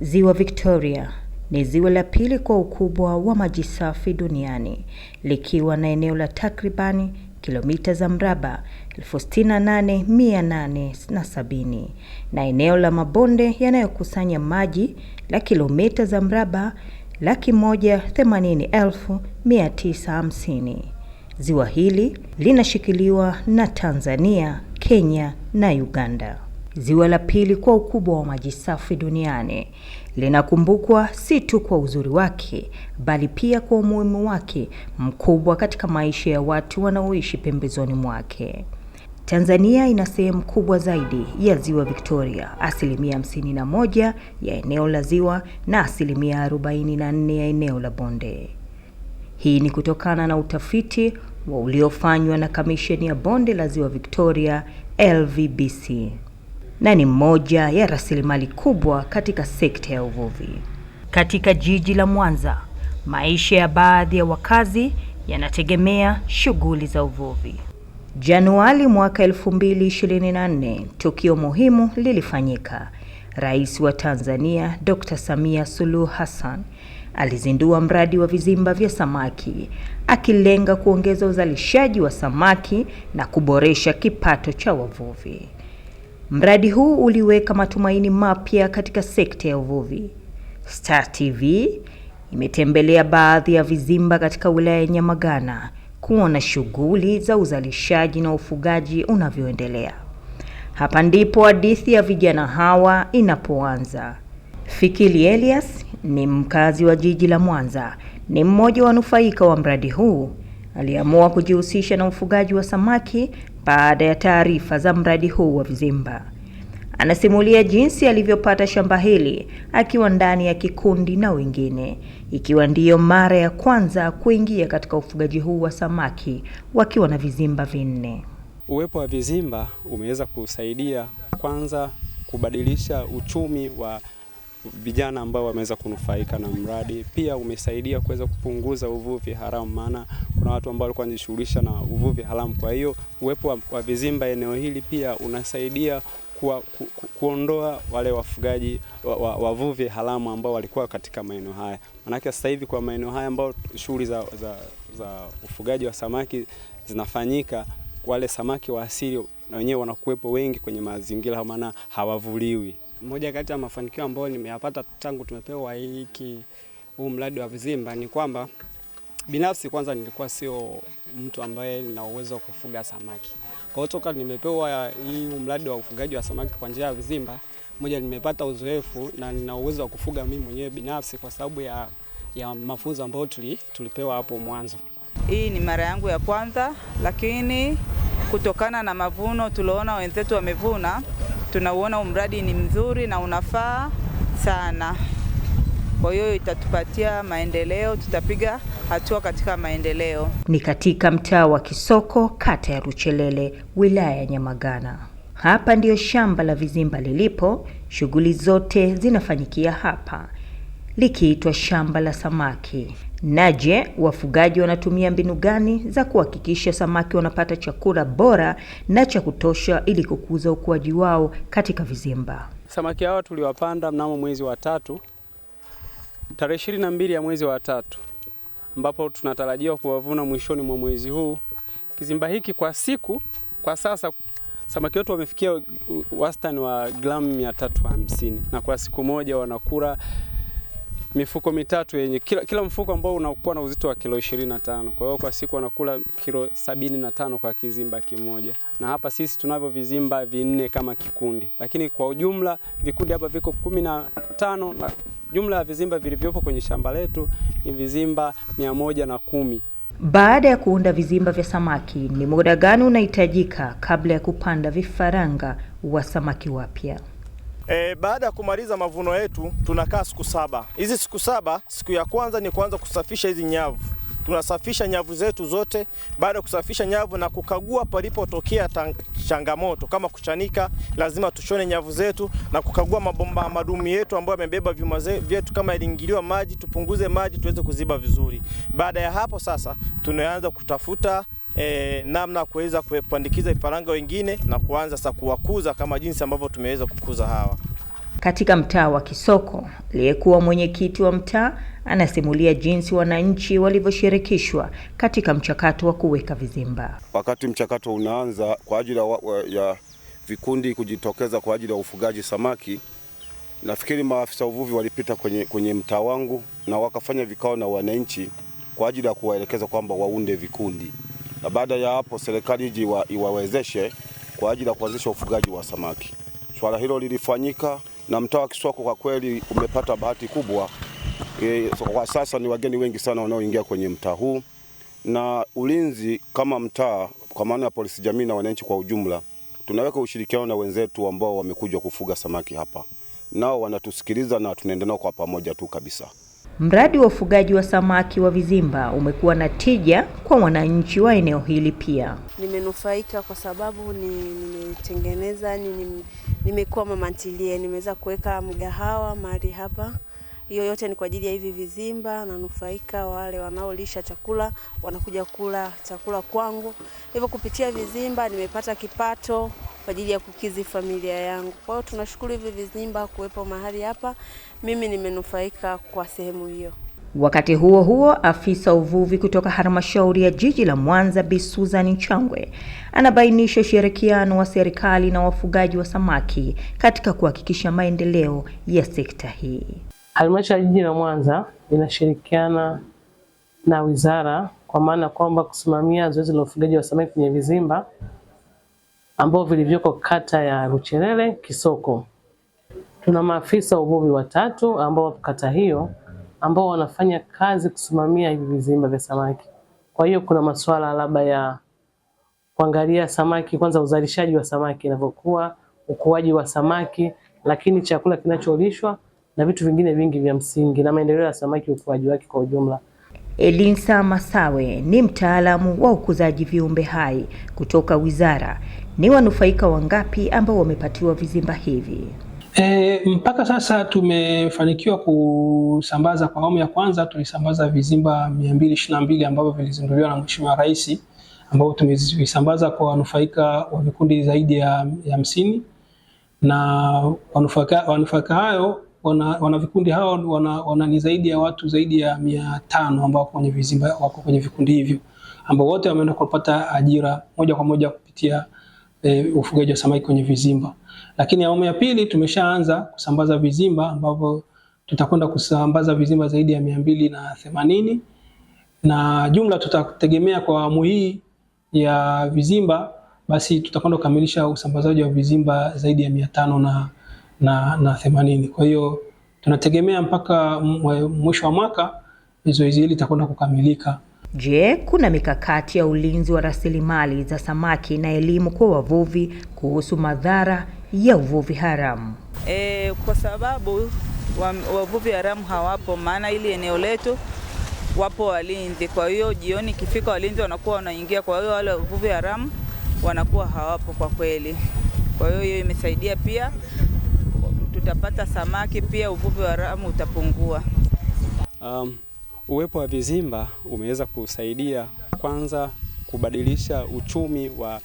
Ziwa Victoria ni ziwa la pili kwa ukubwa wa maji safi duniani likiwa na eneo la takribani kilomita za mraba 68870 na eneo la mabonde yanayokusanya maji la kilomita za mraba 180,950. Ziwa hili linashikiliwa na Tanzania, Kenya na Uganda ziwa la pili kwa ukubwa wa maji safi duniani, linakumbukwa si tu kwa uzuri wake bali pia kwa umuhimu wake mkubwa katika maisha ya watu wanaoishi pembezoni mwake. Tanzania ina sehemu kubwa zaidi ya ziwa Victoria, asilimia 51 ya eneo la ziwa na asilimia 44 ya eneo la bonde. Hii ni kutokana na utafiti wa uliofanywa na Kamisheni ya Bonde la Ziwa Victoria, LVBC na ni moja ya rasilimali kubwa katika sekta ya uvuvi. Katika jiji la Mwanza, maisha ya baadhi ya wakazi yanategemea shughuli za uvuvi. Januari mwaka 2024, tukio muhimu lilifanyika. Rais wa Tanzania Dr. Samia Suluhu Hassan alizindua mradi wa vizimba vya samaki akilenga kuongeza uzalishaji wa samaki na kuboresha kipato cha wavuvi. Mradi huu uliweka matumaini mapya katika sekta ya uvuvi. Star TV imetembelea baadhi ya vizimba katika wilaya ya Nyamagana kuona shughuli za uzalishaji na ufugaji unavyoendelea. Hapa ndipo hadithi ya vijana hawa inapoanza. Fikili Elias ni mkazi wa jiji la Mwanza, ni mmoja wa wanufaika wa mradi huu. Aliamua kujihusisha na ufugaji wa samaki baada ya taarifa za mradi huu wa vizimba. Anasimulia jinsi alivyopata shamba hili akiwa ndani ya kikundi na wengine, ikiwa ndiyo mara ya kwanza kuingia katika ufugaji huu wa samaki wakiwa na vizimba vinne. Uwepo wa vizimba umeweza kusaidia kwanza kubadilisha uchumi wa vijana ambao wameweza kunufaika na mradi. Pia umesaidia kuweza kupunguza uvuvi haramu, maana kuna watu ambao walikuwa wanajishughulisha na uvuvi haramu. Kwa hiyo uwepo wa vizimba eneo hili pia unasaidia kuwa, ku, ku, kuondoa wale wafugaji wavuvi wa, wa haramu ambao walikuwa katika maeneo haya, maanake sasa hivi kwa maeneo haya ambao shughuli za, za, za ufugaji wa samaki zinafanyika wale samaki wa asili na wenyewe wanakuwepo wengi kwenye mazingira, maana hawavuliwi moja kati ya mafanikio ambayo nimeyapata tangu tumepewa hiki huu mradi wa vizimba ni kwamba binafsi kwanza nilikuwa sio mtu ambaye nina uwezo wa kufuga samaki. Kwa hiyo toka nimepewa hii mradi wa ufugaji wa samaki kwa njia ya vizimba, moja nimepata uzoefu na nina uwezo wa kufuga mimi mwenyewe binafsi kwa sababu ya, ya mafunzo ambayo tuli, tulipewa hapo mwanzo. Hii ni mara yangu ya kwanza, lakini kutokana na mavuno tuliona wenzetu wamevuna tunauona umradi ni mzuri na unafaa sana. Kwa hiyo itatupatia maendeleo, tutapiga hatua katika maendeleo. Ni katika mtaa wa Kisoko, kata ya Ruchelele, wilaya ya Nyamagana. Hapa ndiyo shamba la vizimba lilipo, shughuli zote zinafanyikia hapa, likiitwa shamba la samaki. Na je, wafugaji wanatumia mbinu gani za kuhakikisha samaki wanapata chakula bora na cha kutosha ili kukuza ukuaji wao katika vizimba? Samaki hawa tuliwapanda mnamo mwezi wa tatu tarehe ishirini na mbili ya mwezi wa tatu ambapo tunatarajiwa kuwavuna mwishoni mwa mwezi huu. Kizimba hiki kwa siku kwa sasa samaki wetu wamefikia wastani wa gramu 350 na kwa siku moja wanakula mifuko mitatu yenye kila, kila mfuko ambao unakuwa na uzito wa kilo 25. Kwa hiyo kwa siku wanakula kilo 75 kwa kizimba kimoja, na hapa sisi tunavyo vizimba vinne kama kikundi, lakini kwa ujumla vikundi hapa viko 15 na jumla ya vizimba vilivyopo kwenye shamba letu ni vizimba 110. Baada ya kuunda vizimba vya samaki, ni muda gani unahitajika kabla ya kupanda vifaranga wa samaki wapya? E, baada ya kumaliza mavuno yetu tunakaa siku saba. Hizi siku saba, siku ya kwanza ni kuanza kusafisha hizi nyavu. Tunasafisha nyavu zetu zote. Baada ya kusafisha nyavu na kukagua palipotokea changamoto kama kuchanika, lazima tushone nyavu zetu na kukagua mabomba madumu yetu ambayo yamebeba vyuma vyetu, kama yaliingiliwa maji, tupunguze maji tuweze kuziba vizuri. Baada ya hapo sasa tunaanza kutafuta e, namna ya kuweza kupandikiza vifaranga wengine na kuanza sasa kuwakuza kama jinsi ambavyo tumeweza kukuza hawa. Katika mtaa wa Kisoko, aliyekuwa mwenyekiti wa mtaa anasimulia jinsi wananchi walivyoshirikishwa katika mchakato wa kuweka vizimba. Wakati mchakato unaanza kwa ajili ya vikundi kujitokeza kwa ajili ya ufugaji samaki, nafikiri maafisa uvuvi walipita kwenye, kwenye mtaa wangu na wakafanya vikao na wananchi kwa ajili ya kuwaelekeza kwamba waunde vikundi na baada ya hapo serikali iji iwawezeshe kwa ajili ya kuanzisha ufugaji wa samaki. Swala hilo lilifanyika na mtaa wa Kiswako kwa kweli umepata bahati kubwa. E, so kwa sasa ni wageni wengi sana wanaoingia kwenye mtaa huu na ulinzi kama mtaa, kwa maana ya polisi jamii na wananchi kwa ujumla, tunaweka ushirikiano na wenzetu ambao wamekuja kufuga samaki hapa, nao wanatusikiliza na tunaenda nao kwa pamoja tu kabisa. Mradi wa ufugaji wa samaki wa vizimba umekuwa na tija kwa wananchi wa eneo hili. Pia nimenufaika kwa sababu nimetengeneza, ni nimekuwa mamantilie, nimeweza kuweka mgahawa mahali hapa. Hiyo yote ni kwa ajili ya hivi vizimba, nanufaika. Wale wanaolisha chakula wanakuja kula chakula kwangu, hivyo kupitia vizimba nimepata kipato kwa ajili ya kukizi familia yangu. Kwa hiyo tunashukuru hivi vizimba kuwepo mahali hapa, mimi nimenufaika kwa sehemu hiyo. Wakati huo huo, afisa uvuvi kutoka halmashauri ya jiji la Mwanza Bi Susan Nchangwe anabainisha ushirikiano wa serikali na wafugaji wa samaki katika kuhakikisha maendeleo ya sekta hii. Halmashauri ya jiji la Mwanza inashirikiana na wizara kwa maana kwamba kusimamia zoezi la ufugaji wa samaki kwenye vizimba ambao vilivyoko kata ya ruchelele Kisoko. Tuna maafisa uvuvi watatu ambao wapo kata hiyo ambao wanafanya kazi kusimamia hivi vizimba vya samaki. Kwa hiyo kuna masuala labda ya kuangalia samaki kwanza, uzalishaji wa samaki inavyokuwa, ukuaji wa samaki, lakini chakula kinacholishwa na vitu vingine vingi vya msingi na maendeleo ya samaki, ukuaji wake kwa ujumla. Elinsa Masawe ni mtaalamu wa ukuzaji viumbe hai kutoka Wizara ni wanufaika wangapi ambao wamepatiwa vizimba hivi? E, mpaka sasa tumefanikiwa kusambaza kwa awamu ya kwanza, tulisambaza vizimba 222 ambavyo vilizinduliwa na Mheshimiwa Rais, ambao tumevisambaza kwa wanufaika wa vikundi zaidi ya hamsini na wanufaika wanufaika hayo wana, wana vikundi hao wana, wana ni zaidi ya watu zaidi ya mia tano ambao kwenye vizimba wako kwenye vikundi hivyo ambao wote wameenda kupata ajira moja kwa moja kupitia e, ufugaji wa samaki kwenye vizimba. Lakini awamu ya pili tumeshaanza kusambaza vizimba ambavyo tutakwenda kusambaza vizimba zaidi ya mia mbili na themanini na jumla tutategemea kwa awamu hii ya vizimba basi tutakwenda kukamilisha usambazaji wa vizimba zaidi ya mia tano na, na, na themanini. Kwa hiyo tunategemea mpaka mwisho wa mwaka zoezi hili litakwenda kukamilika. Je, kuna mikakati ya ulinzi wa rasilimali za samaki na elimu kwa wavuvi kuhusu madhara ya uvuvi haramu? E, kwa sababu wavuvi haramu hawapo, maana ili eneo letu wapo walinzi. Kwa hiyo jioni ikifika, walinzi wanakuwa wanaingia, kwa hiyo wale wavuvi haramu wanakuwa hawapo kwa kweli. Kwa hiyo hiyo imesaidia pia, tutapata samaki pia uvuvi haramu utapungua. um. Uwepo wa vizimba umeweza kusaidia kwanza kubadilisha uchumi wa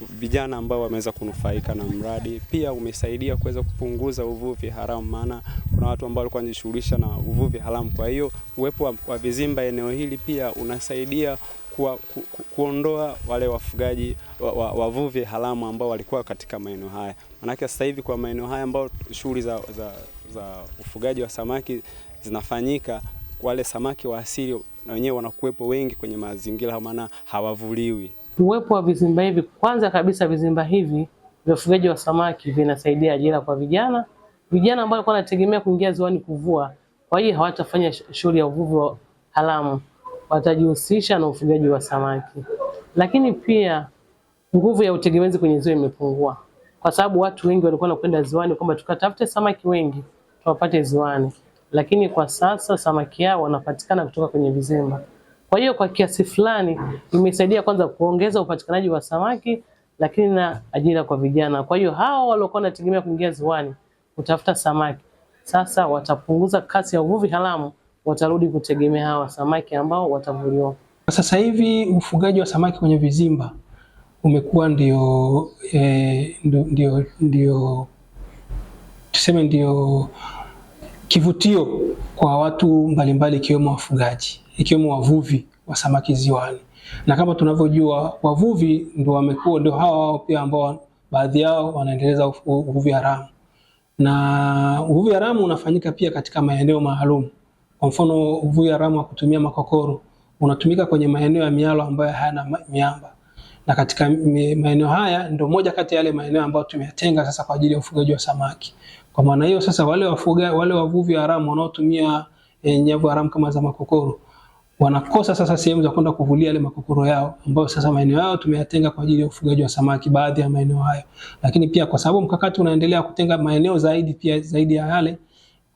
vijana ambao wameweza kunufaika na mradi. Pia umesaidia kuweza kupunguza uvuvi haramu, maana kuna watu ambao walikuwa wanajishughulisha na uvuvi haramu. Kwa hiyo uwepo wa vizimba eneo hili pia unasaidia kuwa, ku, ku, kuondoa wale wafugaji wa, wa, wavuvi haramu ambao walikuwa katika maeneo haya, maanake sasa hivi kwa maeneo haya ambao shughuli za, za, za ufugaji wa samaki zinafanyika wale samaki wa asili na wenyewe wanakuwepo wengi kwenye mazingira, maana hawavuliwi. Uwepo wa vizimba hivi, kwanza kabisa, vizimba hivi vya ufugaji wa samaki vinasaidia ajira kwa vijana, vijana ambao walikuwa wanategemea kuingia ziwani kuvua, kwa hiyo hawatafanya shughuli ya uvuvi haramu, watajihusisha na ufugaji wa samaki. Lakini pia nguvu ya utegemezi kwenye ziwa imepungua, kwa sababu watu wengi walikuwa wanakwenda ziwani kwamba tukatafute samaki wengi tuwapate ziwani lakini kwa sasa samaki yao wanapatikana kutoka kwenye vizimba. Kwa hiyo kwa kiasi fulani imesaidia kwanza kuongeza upatikanaji wa samaki, lakini na ajira kwa vijana. Kwa hiyo hao waliokuwa wanategemea kuingia ziwani kutafuta samaki sasa watapunguza kasi ya uvuvi haramu, watarudi kutegemea hawa samaki ambao watavuliwa. Sasa hivi ufugaji wa samaki kwenye vizimba umekuwa ndio, eh, ndio, ndio, ndio tuseme ndio kivutio kwa watu mbalimbali ikiwemo wafugaji, ikiwemo wavuvi wa samaki ziwani. Na kama tunavyojua wavuvi ndio wamekuwa ndio hawa wao pia ambao baadhi yao wanaendeleza uvuvi haramu. Na uvuvi haramu unafanyika pia katika maeneo maalum. Kwa mfano, uvuvi haramu wa kutumia makokoro unatumika kwenye maeneo ya mialo ambayo hayana miamba. Na katika maeneo haya ndio moja kati ya yale maeneo ambayo tumeyatenga sasa kwa ajili ya ufugaji wa samaki. Kwa maana hiyo sasa, wale wafuga, wale wavuvi haramu wanaotumia e, nyavu haramu kama za makokoro wanakosa sasa sehemu za kwenda kuvulia yale makokoro yao, ambayo sasa maeneo yao tumeyatenga kwa ajili ya ufugaji wa samaki, baadhi ya maeneo hayo. Lakini pia kwa sababu mkakati unaendelea kutenga maeneo zaidi pia zaidi ya yale,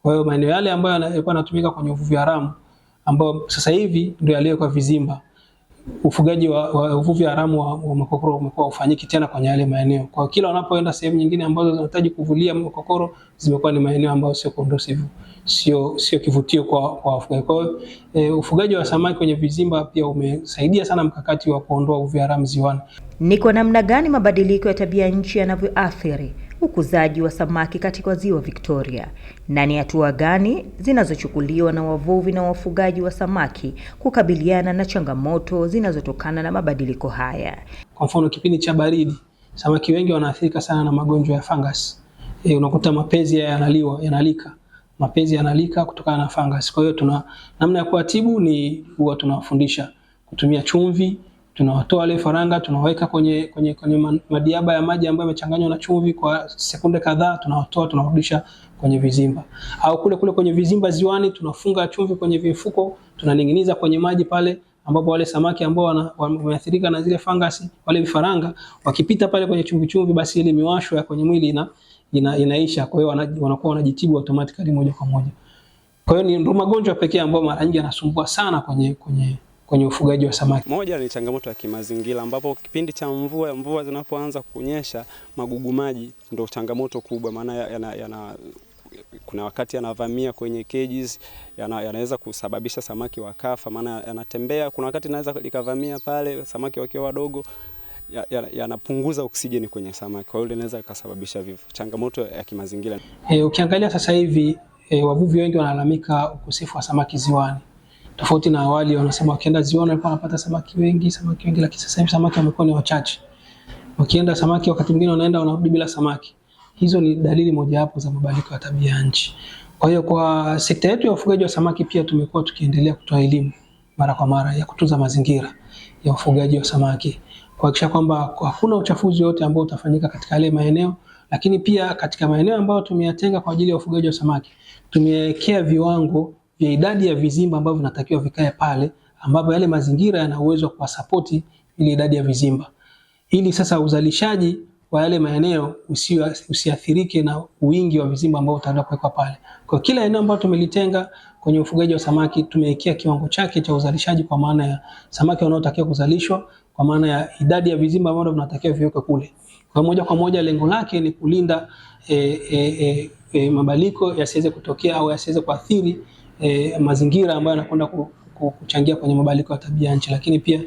kwa hiyo maeneo yale ambayo yalikuwa yanatumika kwenye uvuvi haramu, ambayo sasa hivi ndio yaliyo kwa vizimba ufugaji wa, wa uvuvi haramu wa, wa makokoro umekuwa ufanyiki tena kwenye yale maeneo. Kwa kila wanapoenda sehemu nyingine ambazo zinahitaji kuvulia makokoro zimekuwa ni maeneo ambayo sio conducive, sio sio kivutio kwa kwa wafugaji. Kwa hiyo e, ufugaji wa samaki kwenye vizimba pia umesaidia sana mkakati wa kuondoa uvuvi haramu ziwani. Ni kwa namna gani mabadiliko ya tabia nchi yanavyoathiri ukuzaji wa samaki katika ziwa Victoria na ni hatua gani zinazochukuliwa na wavuvi na wafugaji wa samaki kukabiliana na changamoto zinazotokana na mabadiliko haya. Kwa mfano, kipindi cha baridi samaki wengi wanaathirika sana na magonjwa ya fungus. E, unakuta mapezi yanaliwa yanalika mapezi yanalika kutokana na fungus. Kwa hiyo tuna namna ya kuwatibu ni huwa tunawafundisha kutumia chumvi tunawatoa wale faranga, tunawaweka kwenye, kwenye, kwenye madiaba ya maji ambayo yamechanganywa na chumvi kwa sekunde kadhaa, tunawatoa tunarudisha kwenye vizimba au kule kule kwenye vizimba ziwani, tunafunga chumvi kwenye vifuko, tunaning'iniza kwenye maji pale ambapo wale samaki ambao wameathirika na zile fangasi, wale vifaranga wakipita pale kwenye chumvi chumvi, basi ile miwasho ya kwenye mwili ina, ina, inaisha. Kwa hiyo wanakuwa wanajitibu automatically moja kwa moja. Kwa hiyo ni ndo magonjwa pekee ambayo mara nyingi yanasumbua sana kwenye kwenye kwenye ufugaji wa samaki. Moja ni changamoto ya kimazingira, ambapo kipindi cha mvua mvua zinapoanza kunyesha, magugu maji ndio changamoto kubwa, maana yana, yana kuna wakati yanavamia kwenye cages, yana, yanaweza kusababisha samaki wakafa, maana yanatembea. Kuna wakati naweza likavamia pale samaki wakiwa wadogo yanapunguza ya, ya oksijeni kwenye samaki, kwa hiyo inaweza kusababisha vifo. Changamoto ya kimazingira e, ukiangalia sasa hivi e, wavuvi wengi wanalalamika ukosefu wa samaki ziwani tofauti na awali, wanasema wakienda ziwani walikuwa wanapata samaki wengi, samaki wengi, lakini sasa hivi samaki wamekuwa ni wachache. Wakienda samaki, wakati mwingine wanaenda wanarudi bila samaki. Hizo ni dalili mojawapo za mabadiliko ya tabia ya nchi. Kwa hiyo kwa sekta yetu ya ufugaji wa samaki pia tumekuwa tukiendelea kutoa elimu mara kwa mara ya kutunza mazingira ya ufugaji wa samaki, kuhakikisha kwamba hakuna uchafuzi wote ambao utafanyika katika yale maeneo, lakini pia katika maeneo ambayo tumeyatenga kwa ajili ya ufugaji wa samaki tumewekea viwango ya eh, idadi ya vizimba ambavyo vinatakiwa vikae pale, ambapo yale mazingira yana uwezo wa kuwasapoti ile idadi ya vizimba, ili sasa uzalishaji wa yale maeneo usiathirike na wingi wa vizimba ambao utaenda kuwekwa pale. Kwa kila eneo ambalo tumelitenga kwenye ufugaji wa samaki tumewekea kiwango chake cha uzalishaji, kwa maana ya samaki wanaotakiwa kuzalishwa, kwa maana ya idadi ya vizimba ambavyo vinatakiwa viwekwe kule. Kwa moja kwa moja lengo lake ni kulinda e, e, e, e, mabadiliko yasiweze kutokea au yasiweze kuathiri e, mazingira ambayo yanakwenda kuchangia kwenye mabadiliko ya tabia nchi, lakini pia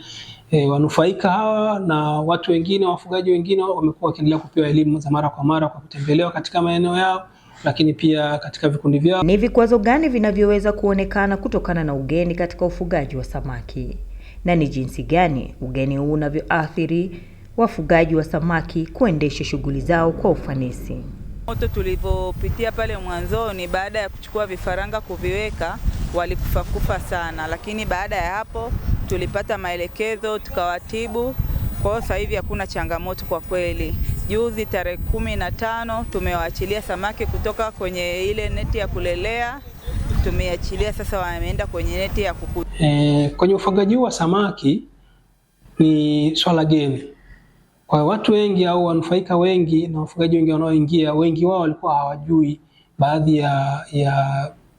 e, wanufaika hawa na watu wengine, wafugaji wengine wamekuwa wakiendelea kupewa elimu za mara kwa mara kwa kutembelewa katika maeneo yao lakini pia katika vikundi vyao. Ni vikwazo gani vinavyoweza kuonekana kutokana na ugeni katika ufugaji wa samaki na ni jinsi gani ugeni huu unavyoathiri wafugaji wa samaki kuendesha shughuli zao kwa ufanisi? Moto tulivyopitia pale mwanzoni, baada ya kuchukua vifaranga kuviweka, walikufa kufa sana, lakini baada ya hapo tulipata maelekezo tukawatibu. Kwa hiyo sasa hivi hakuna changamoto kwa kweli. Juzi tarehe kumi na tano tumewaachilia samaki kutoka kwenye ile neti ya kulelea, tumeachilia sasa, wameenda kwenye neti ya kuku. E, kwenye ufugaji huu wa samaki ni swala geni kwa watu wengi au wanufaika wengi na wafugaji wengi wanaoingia, wengi wao walikuwa hawajui baadhi ya, ya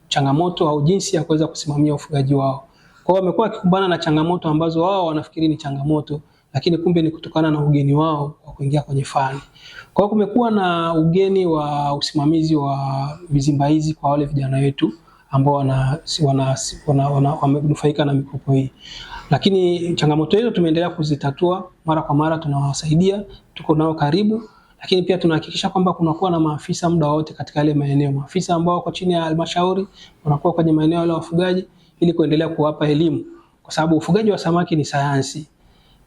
changamoto au jinsi ya kuweza kusimamia ufugaji wao. Kwa hiyo wamekuwa wakikumbana na changamoto ambazo wao wanafikiri ni changamoto, lakini kumbe ni kutokana na ugeni wao wa kuingia kwenye fani. Kwa hiyo kumekuwa na ugeni wa usimamizi wa hizi kwa wale vijana wetu ambao wana, wana, wana, wana, wana, wana, wana na mikopo hii. Lakini changamoto hizo tumeendelea kuzitatua mara kwa mara, tunawasaidia, tuko nao karibu, lakini pia tunahakikisha kwamba kunakuwa na maafisa muda wote katika yale maeneo, maafisa ambao wako chini ya halmashauri wanakuwa kwenye maeneo yale wafugaji, ili kuendelea kuwapa elimu, kwa sababu ufugaji wa samaki ni sayansi.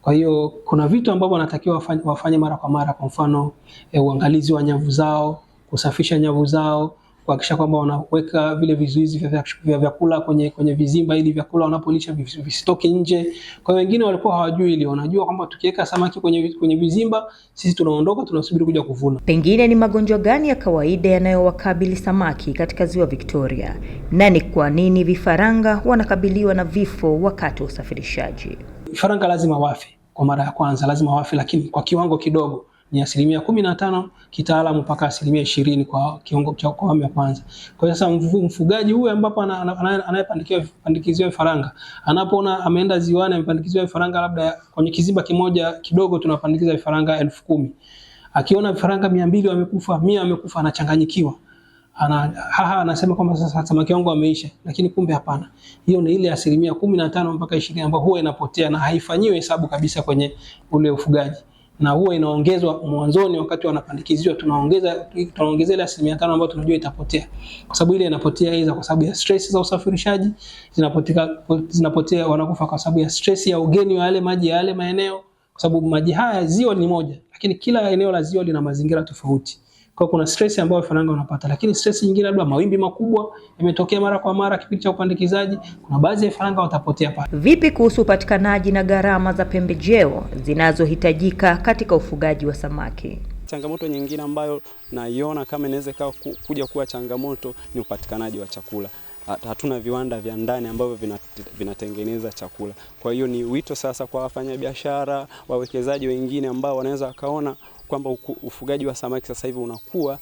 Kwa hiyo kuna vitu ambavyo wanatakiwa wafanye, mara kwa mara, kwa mfano e, uangalizi wa nyavu zao, kusafisha nyavu zao kuhakikisha kwamba wanaweka vile vizuizi vya vya vyakula kwenye kwenye vizimba ili vyakula wanapolisha visitoke nje. Kwa wengine walikuwa hawajui ili wanajua kwamba tukiweka samaki kwenye kwenye vizimba sisi tunaondoka tunasubiri kuja kuvuna. Pengine ni magonjwa gani ya kawaida yanayowakabili samaki katika ziwa Victoria, na ni kwa nini vifaranga wanakabiliwa na vifo wakati wa usafirishaji? Vifaranga lazima wafe kwa mara ya kwanza, lazima wafe, lakini kwa kiwango kidogo ni asilimia kumi na tano kitaalamu mpaka asilimia ishirini kwa kiongo cha kwa awamu ya kwanza. Kwa hiyo sasa mfugaji huyu ambapo anayepandikiwa anayepandikiziwa vifaranga anapoona ameenda ziwani amepandikiziwa vifaranga labda kwenye kizimba kimoja kidogo tunapandikiza vifaranga elfu kumi akiona vifaranga mia mbili wamekufa mia wamekufa anachanganyikiwa ana haha anasema kwamba sasa samaki wangu wameisha, lakini kumbe hapana. Hiyo ni ile asilimia kumi na tano mpaka ishirini ambayo huwa inapotea na haifanyiwe hesabu kabisa kwenye ule ufugaji na huwa inaongezwa mwanzoni, wakati wanapandikiziwa, tunaongeza tunaongezea ile asilimia tano ambayo tunajua itapotea, kwa sababu ile inapotea iza kwa sababu ya stress za usafirishaji zinapotea, zinapotea, wanakufa kwa sababu ya stress ya ugeni wa yale maji ya yale maeneo, kwa sababu maji haya ziwa ni moja, lakini kila eneo la ziwa lina mazingira tofauti. Kwa kuna stress ambayo vifaranga wanapata, lakini stress nyingine labda mawimbi makubwa yametokea mara kwa mara kipindi cha upandikizaji, kuna baadhi ya vifaranga watapotea pale. Vipi kuhusu upatikanaji na gharama za pembejeo zinazohitajika katika ufugaji wa samaki? Changamoto nyingine ambayo naiona kama inaweza ikawa kuja kuwa changamoto ni upatikanaji wa chakula. Hatuna viwanda vya ndani ambavyo vinatengeneza chakula. Kwa hiyo ni wito sasa kwa wafanyabiashara, wawekezaji wengine ambao wanaweza wakaona kwamba ufugaji wa samaki sasa hivi unakuwa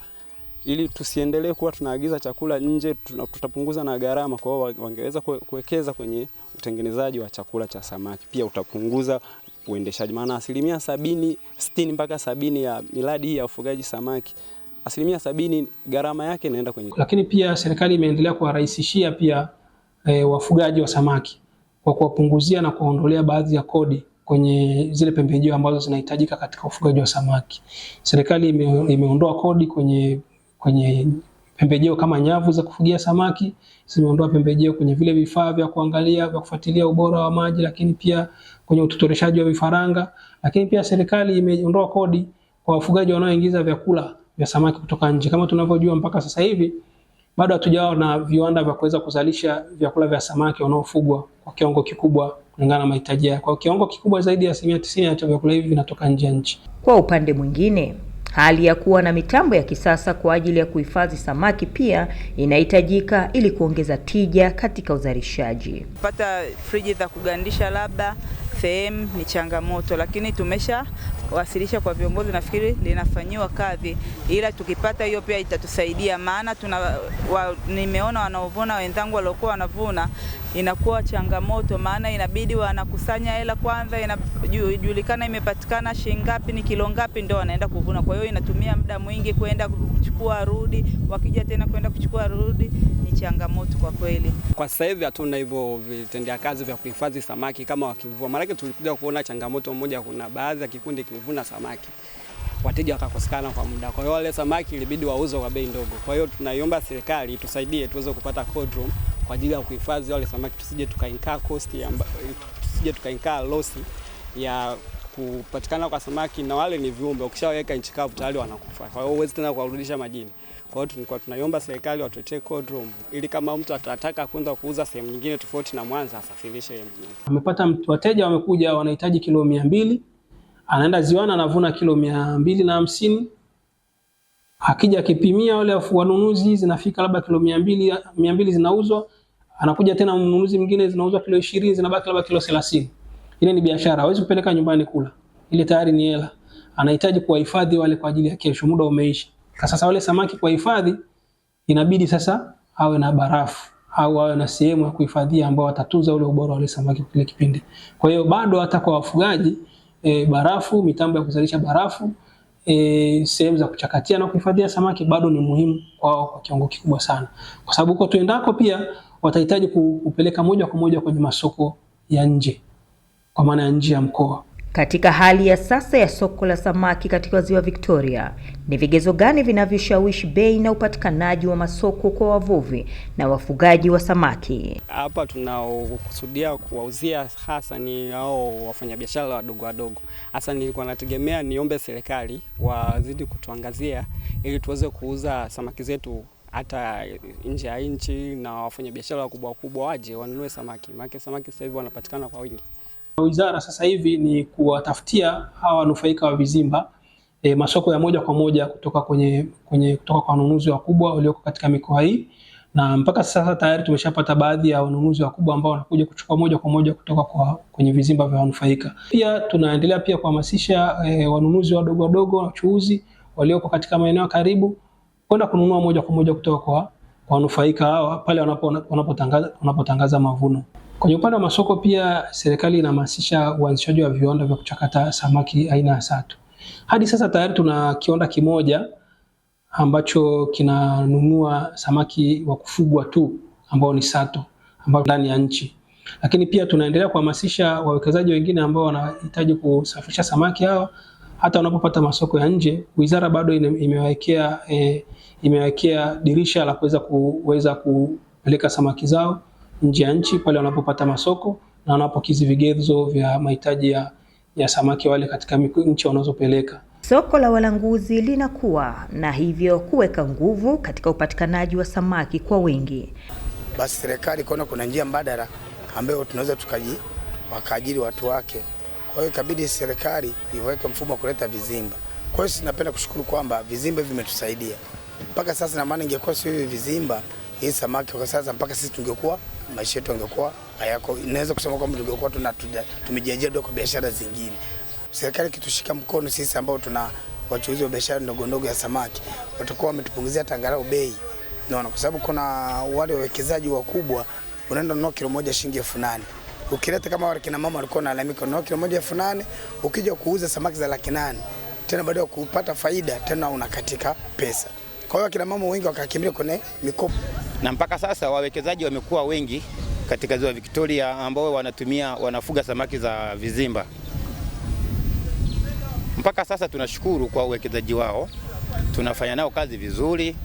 ili tusiendelee kuwa tunaagiza chakula nje, tutapunguza na gharama. Kwa hiyo wangeweza kuwekeza kwenye utengenezaji wa chakula cha samaki, pia utapunguza uendeshaji, maana asilimia sabini, sitini mpaka sabini ya miradi hii ya ufugaji samaki, asilimia sabini gharama yake inaenda kwenye. Lakini pia serikali imeendelea kuwarahisishia pia e, wafugaji wa samaki kwa kuwapunguzia na kuwaondolea baadhi ya kodi kwenye zile pembejeo ambazo zinahitajika katika ufugaji wa samaki. Serikali ime, imeondoa kodi kwenye kwenye pembejeo kama nyavu za kufugia samaki, zimeondoa pembejeo kwenye vile vifaa vya kuangalia vya kufuatilia ubora wa maji, lakini pia kwenye utotoreshaji wa vifaranga. Lakini pia serikali imeondoa kodi kwa wafugaji wanaoingiza vyakula vya samaki kutoka nje. Kama tunavyojua mpaka sasa hivi bado hatujawa na viwanda vya kuweza kuzalisha vyakula vya samaki wanaofugwa kwa kiwango kikubwa kulingana na mahitaji yao. Kwa kiwango kikubwa zaidi ya asilimia tisini ya vyakula hivi vinatoka nje ya nchi. Kwa upande mwingine, hali ya kuwa na mitambo ya kisasa kwa ajili ya kuhifadhi samaki pia inahitajika ili kuongeza tija katika uzalishaji. Pata friji za kugandisha labda sehemu ni changamoto, lakini tumesha wasilisha kwa viongozi, nafikiri linafanyiwa kazi, ila tukipata hiyo pia itatusaidia, maana tuna wa, nimeona wanaovuna wenzangu waliokuwa wanavuna inakuwa changamoto, maana inabidi wanakusanya hela kwanza, inajulikana imepatikana shilingi ngapi, ni kilo ngapi, ndio wanaenda kuvuna. Kwa hiyo inatumia muda mwingi kwenda kuchukua rudi, wakija tena kwenda kuchukua rudi, ni changamoto kwa kweli. Kwa sasa hivi hatuna hivyo vitendea kazi vya kuhifadhi samaki kama wakivua, maanake tulikuja kuona changamoto moja, kuna baadhi ya kikundi kilivuna samaki wateja wakakosekana kwa muda, kwa hiyo wale samaki ilibidi wauzwe kwa bei ndogo. Kwa hiyo tunaiomba serikali tusaidie tuweze kupata cold room kwa ajili ya kuhifadhi wale samaki, tusije tukainkaa cost, tusije tukainkaa losi ya kupatikana kwa samaki na wale ni viumbe, ukishaweka nchi kavu tayari wanakufa, kwa hiyo huwezi tena kuwarudisha majini. Kwa hiyo tulikuwa tunaiomba serikali watuletee cold room ili kama mtu atataka kwenda kuuza sehemu nyingine tofauti na Mwanza asafirishe yeye mwenyewe. Amepata wateja wamekuja wanahitaji kilo mia mbili, anaenda ziwana anavuna kilo mia mbili na hamsini akija akipimia wale wanunuzi zinafika labda kilo mia mbili mia mbili zinauzwa, anakuja tena mnunuzi mwingine zinauzwa kilo ishirini, zinabaki labda kilo thelathini. Ile ni biashara, hawezi kupeleka nyumbani kula, ile tayari ni hela. Anahitaji kuwahifadhi wale kwa ajili ya kesho, muda umeisha. Sasa wale samaki kwa hifadhi, inabidi sasa awe na barafu au awe na sehemu ya kuhifadhia ambao watatunza ule ubora wa wale samaki kile kipindi. Kwa hiyo bado hata kwa wafugaji e, barafu, mitambo ya kuzalisha barafu e, sehemu za kuchakatia na kuhifadhia samaki bado ni muhimu kwao kwa kiwango kikubwa sana, kwa sababu huko tuendako pia watahitaji kupeleka moja kwa moja kwenye masoko ya nje kwa maana ya nje ya mkoa. Katika hali ya sasa ya soko la samaki katika ziwa Victoria, ni vigezo gani vinavyoshawishi bei na upatikanaji wa masoko kwa wavuvi na wafugaji wa samaki? Hapa tunaokusudia kuwauzia hasa ni hao wafanyabiashara wadogo wadogo. Hasa nilikuwa nategemea niombe serikali wazidi kutuangazia ili tuweze kuuza samaki zetu hata nje ya nchi, na wafanyabiashara wakubwa wakubwa waje wanunue samaki, maana samaki sasa hivi wanapatikana kwa wingi. Wizara sasa hivi ni kuwatafutia hawa wanufaika wa vizimba e, masoko ya moja kwa moja kutoka kwenye, kwenye kutoka kwa wanunuzi wakubwa walioko katika mikoa hii, na mpaka sasa tayari tumeshapata baadhi ya wanunuzi wakubwa ambao wanakuja kuchukua moja kwa moja kutoka kwa kwenye vizimba vya wanufaika. Pia tunaendelea pia kuhamasisha e, wanunuzi wadogo wadogo wachuuzi walioko katika maeneo karibu kwenda kununua moja kwa moja kutoka kwa wanufaika hawa pale wanapotangaza wanapotangaza mavuno. Kwenye upande wa masoko pia serikali inahamasisha uanzishaji wa viwanda vya kuchakata samaki aina ya sato. Hadi sasa tayari tuna kiwanda kimoja ambacho kinanunua samaki wa kufugwa tu ambao ni sato ambao ndani ya nchi, lakini pia tunaendelea kuhamasisha wawekezaji wengine ambao wanahitaji kusafirisha samaki hao hata wanapopata masoko ya nje, wizara bado imewekea e, eh, imewekea dirisha la kuweza kuweza kupeleka samaki zao nje ya nchi pale wanapopata masoko na wanapokizi vigezo vya mahitaji ya, ya samaki wale katika nchi wanazopeleka. Soko la walanguzi linakuwa na hivyo kuweka nguvu katika upatikanaji wa samaki kwa wingi. Basi serikali ikaona kuna njia mbadala ambayo tunaweza tukaji wakaajiri watu wake, kwa hiyo ikabidi serikali iweke mfumo wa kuleta vizimba. Kwa hiyo sisi napenda kushukuru kwamba vizimba vimetusaidia mpaka sasa, na maana ingekuwa sio hivi vizimba, hii samaki kwa sasa mpaka sisi tungekuwa maisha yetu angekuwa hayako, inaweza kusema kwamba tungekuwa tuna tumejiajia kwa biashara zingine. Serikali kitushika mkono sisi ambao tuna wachuuzi wa biashara ndogo ndogo ya samaki, watakuwa wametupunguzia tangarau bei, naona kwa sababu kuna wale wawekezaji wakubwa, unaenda nunua kilo moja shilingi elfu nane ukileta kama wale kina mama walikuwa wanalalamika, unanunua kilo moja elfu nane ukija kuuza samaki za laki nane tena baada ya kupata faida tena unakatika pesa. Kwa hiyo akina mama wengi wakakimbilia kwenye mikopo na mpaka sasa wawekezaji wamekuwa wengi katika ziwa Victoria ambao wanatumia wanafuga samaki za vizimba. Mpaka sasa tunashukuru kwa uwekezaji wao, tunafanya nao kazi vizuri.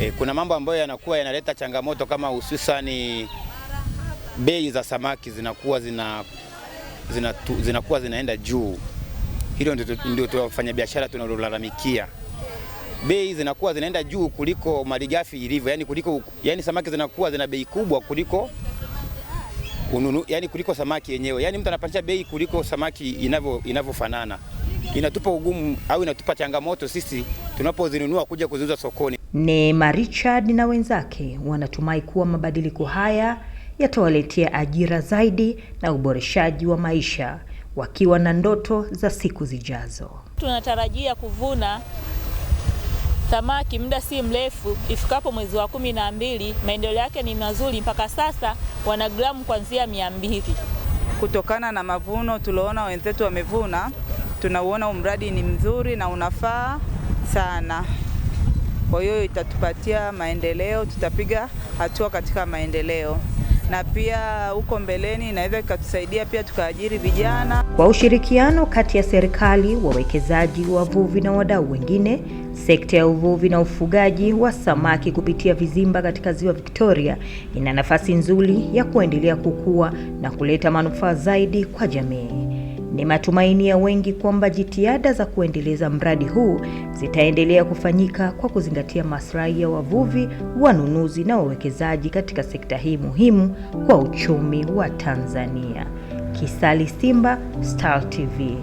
E, kuna mambo ambayo yanakuwa yanaleta changamoto kama hususani bei za samaki zinakuwa zina, zina, zinakuwa zinaenda juu. Hilo ndio ndio wafanyabiashara tunalolalamikia bei zinakuwa zinaenda juu kuliko malighafi ilivyo, yani kuliko, yani samaki zinakuwa zina bei kubwa kuliko ununu, yani kuliko samaki yenyewe, yani mtu anapandisha bei kuliko samaki inavyo inavyofanana. Inatupa ugumu au inatupa changamoto sisi tunapozinunua kuja kuziuza sokoni. Neema Richard na wenzake wanatumai kuwa mabadiliko haya yatawaletea ajira zaidi na uboreshaji wa maisha wakiwa na ndoto za siku zijazo. Tunatarajia kuvuna Samaki muda si mrefu ifikapo mwezi wa kumi na mbili, maendeleo yake ni mazuri mpaka sasa wana gramu kuanzia mia mbili. Kutokana na mavuno tuliona wenzetu wamevuna, tunauona umradi ni mzuri na unafaa sana. Kwa hiyo itatupatia maendeleo, tutapiga hatua katika maendeleo na pia huko mbeleni inaweza ikatusaidia pia tukaajiri vijana. Kwa ushirikiano kati ya serikali, wawekezaji, wavuvi na wadau wengine, sekta ya uvuvi na ufugaji wa samaki kupitia vizimba katika Ziwa Victoria ina nafasi nzuri ya kuendelea kukua na kuleta manufaa zaidi kwa jamii. Ni matumaini ya wengi kwamba jitihada za kuendeleza mradi huu zitaendelea kufanyika kwa kuzingatia maslahi ya wavuvi, wanunuzi na wawekezaji katika sekta hii muhimu kwa uchumi wa Tanzania. Kisali Simba, Star TV.